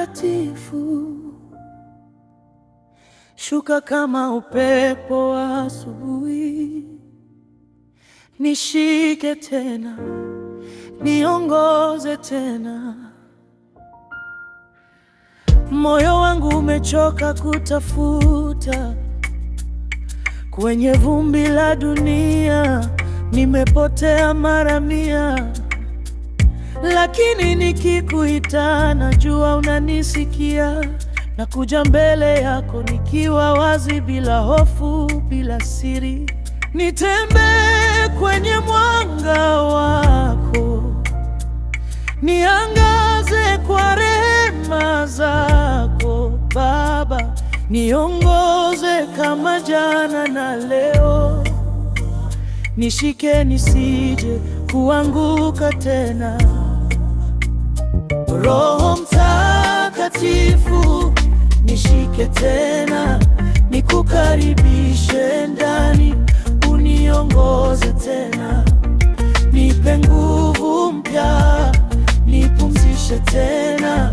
mtakatifu, shuka kama upepo wa asubuhi, nishike tena, niongoze tena. Moyo wangu umechoka kutafuta kwenye vumbi la dunia, nimepotea mara mia lakini nikikuita najua unanisikia, na kuja mbele yako nikiwa wazi, bila hofu, bila siri, nitembee kwenye mwanga wako, niangaze kwa rehema zako Baba, niongoze kama jana na leo, nishike nisije kuanguka tena. Roho Mtakatifu, nishike tena, nikukaribishe ndani, uniongoze tena, nipe nguvu mpya, nipumzishe tena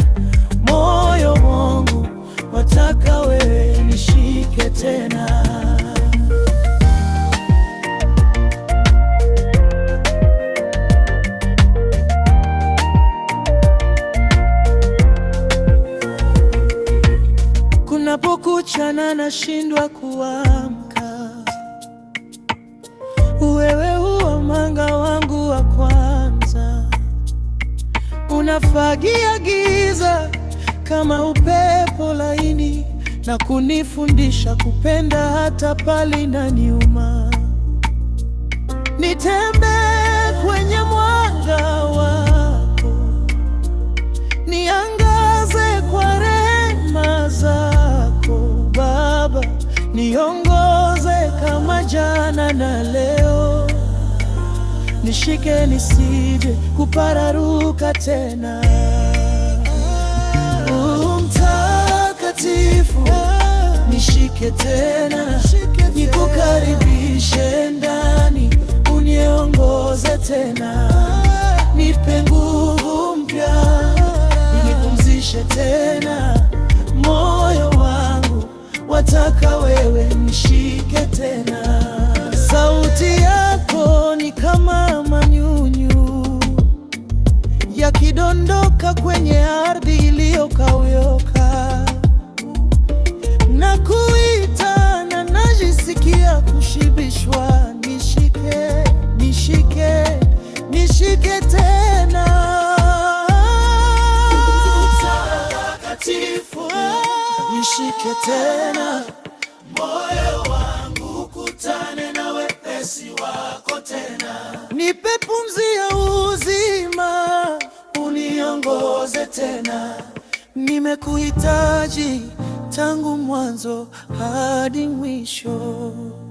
Mchana nashindwa kuamka, wewe huwa mwanga wangu wa kwanza, unafagia giza kama upepo laini na kunifundisha kupenda hata pale inaniuma. Nitembee kwenye jana leo, nishike nisije kupararuka tena. umtakatifu Mtakatifu, nishike tena, nikukaribishe ndani, uniongoze tena, nipe nguvu mpya, nipumzishe tena moyo wangu, wataka wewe nishike Ninaondoka kwenye ardhi iliyokauyoka na kuita na najisikia kushibishwa, nishike, nishike, nishike tena Mtakatifu, nishike tena moyo wangu, kutane na wepesi wako tena, nipe pumzi ya niongoze tena, nimekuhitaji tangu mwanzo hadi mwisho.